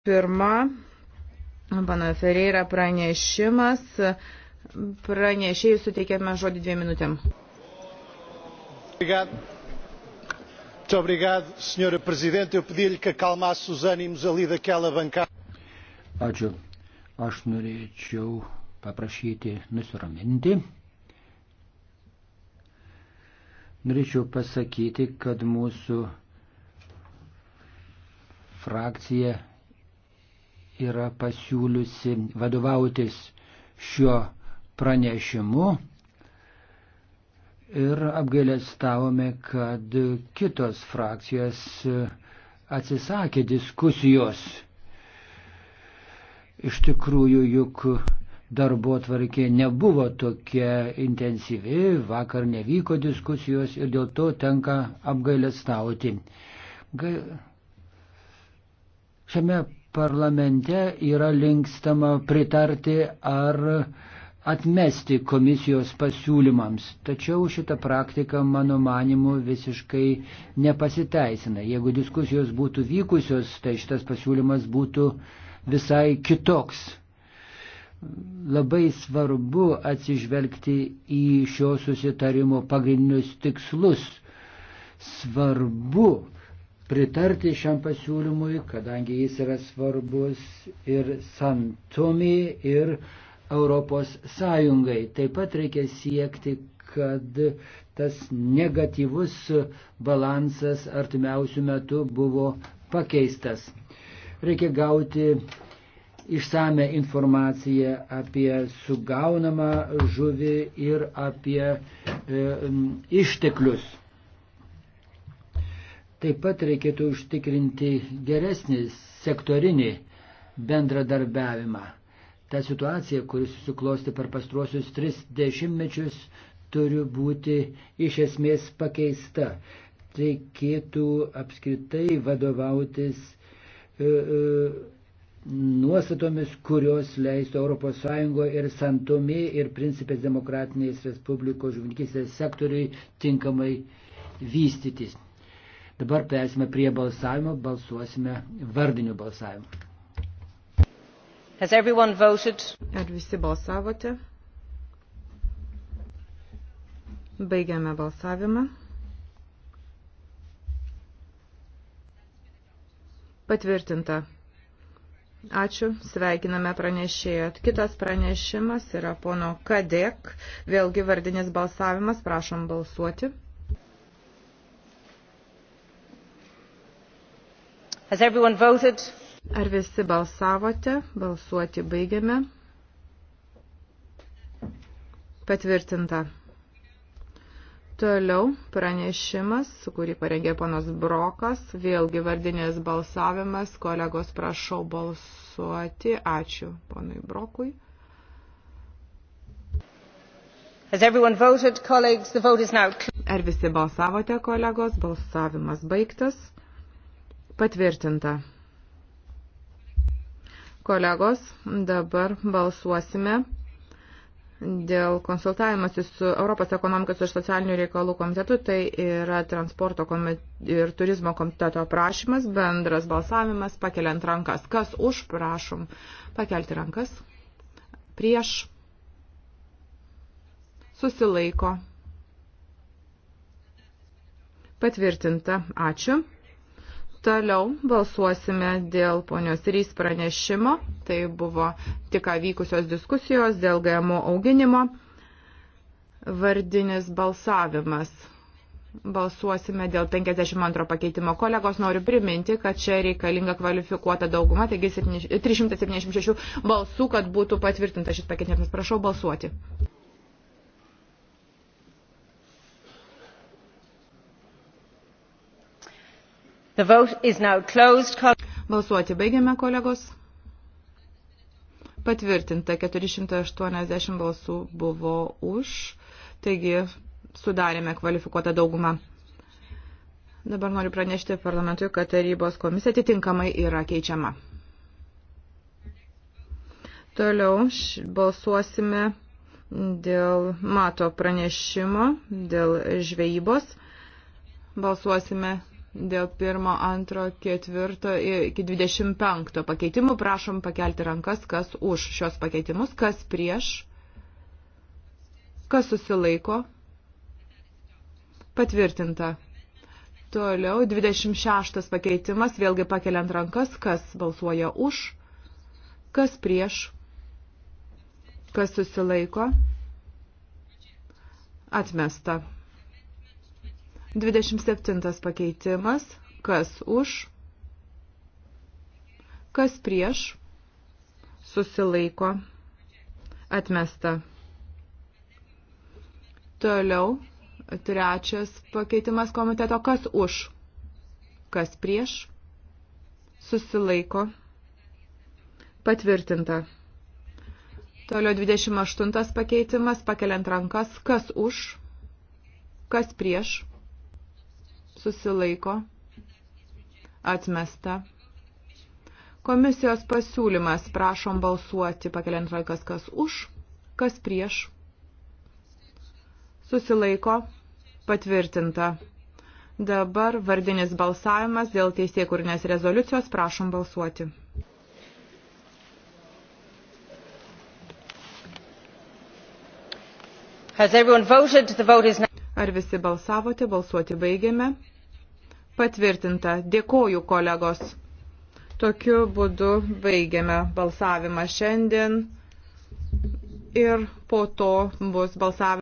Pirma, pana Ferreira pranešimas. Pranešėjai suteikėme žodį dviem minutėm. Muito obrigado, Sra. Presidente. Eu pedi-lhe que acalmasse os ânimos ali daquela bancada. Ačiū. Aš norėčiau paprašyti nusiraminti. Norėčiau pasakyti, kad mūsų frakcija yra pasiūliusi vadovautis šiuo pranešimu ir apgailėstavome, kad kitos frakcijos atsisakė diskusijos. Iš tikrųjų, juk darbo tvarkė nebuvo tokia intensyvi, vakar nevyko diskusijos ir dėl to tenka apgailestauti. Ga... Šiame parlamente yra linkstama pritarti ar atmesti komisijos pasiūlymams. Tačiau šita praktika, mano manimu, visiškai nepasiteisina. Jeigu diskusijos būtų vykusios, tai šitas pasiūlymas būtų visai kitoks. Labai svarbu atsižvelgti į šio susitarimo pagrindinius tikslus. Svarbu pritarti šiam pasiūlymui, kadangi jis yra svarbus ir santomi, ir Europos Sąjungai. Taip pat reikia siekti, kad tas negatyvus balansas artimiausių metų buvo pakeistas. Reikia gauti išsame informaciją apie sugaunamą žuvį ir apie e, išteklius. Taip pat reikėtų užtikrinti geresnį sektorinį bendradarbiavimą. Ta situacija, kuris susiklosti per pastruosius tris dešimtmečius, turi būti iš esmės pakeista. Reikėtų apskritai vadovautis e, e, nuostatomis, kurios leistų ES ir Santomė ir Principės demokratinės Respublikos žuvininkystės sektoriui tinkamai vystytis. Dabar persime prie balsavimo, balsuosime vardiniu balsavimu. Ar visi balsavote? Baigiame balsavimą. Patvirtinta. Ačiū, sveikiname pranešėją. Kitas pranešimas yra pono Kadek, vėlgi vardinis balsavimas, prašom balsuoti. Ar visi balsavote? Balsuoti baigiame. Patvirtinta. Toliau pranešimas, kurį parengė ponas Brokas, vėlgi vardinės balsavimas, kolegos prašau balsuoti. Ačiū ponui Brokui. Voted, Ar visi balsavote, kolegos? Balsavimas baigtas. Patvirtinta. Kolegos, dabar balsuosime dėl konsultavimas su Europos ekonomikos ir socialinių reikalų komitetu, tai yra transporto ir turizmo komiteto prašymas, bendras balsavimas, pakeliant rankas. Kas už, prašom pakelti rankas. Prieš. Susilaiko. Patvirtinta. Ačiū. Toliau balsuosime dėl ponios Rys pranešimo. Tai buvo tik vykusios diskusijos dėl GMO auginimo. Vardinis balsavimas. Balsuosime dėl 52 pakeitimo. Kolegos, noriu priminti, kad čia reikalinga kvalifikuota dauguma, taigi 376 balsų, kad būtų patvirtinta šis pakeitimas. Prašau balsuoti. Balsuoti baigiame, kolegos. Patvirtinta 480 balsų buvo už, taigi sudarėme kvalifikuotą daugumą. Dabar noriu pranešti parlamentui, kad tarybos komisija atitinkamai yra keičiama. Toliau balsuosime dėl mato pranešimo, dėl žvejybos. Balsuosime dėl 1, 2, 4 iki 25 pakeitimų. Prašom pakelti rankas, kas už šios pakeitimus, kas prieš, kas susilaiko. Patvirtinta. Toliau 26 pakeitimas, vėlgi pakeliant rankas, kas balsuoja už, kas prieš, kas susilaiko. Atmesta. 27 pakeitimas. Kas už? Kas prieš? Susilaiko. Atmesta. Toliau. Trečias pakeitimas komiteto. Kas už? Kas prieš? Susilaiko. Patvirtinta. Toliau 28 pakeitimas, pakeliant rankas, kas už, kas prieš, susilaiko, atmesta. Komisijos pasiūlymas, prašom balsuoti, pakeliant rankas, kas už, kas prieš, susilaiko, patvirtinta. Dabar vardinis balsavimas dėl teisėkūrinės rezoliucijos, prašom balsuoti. Has everyone voted? The vote is now. Ar visi balsavote? Balsuoti baigėme. Patvirtinta. Dėkoju, kolegos. Tokiu būdu baigėme balsavimą šiandien ir po to bus balsavimas.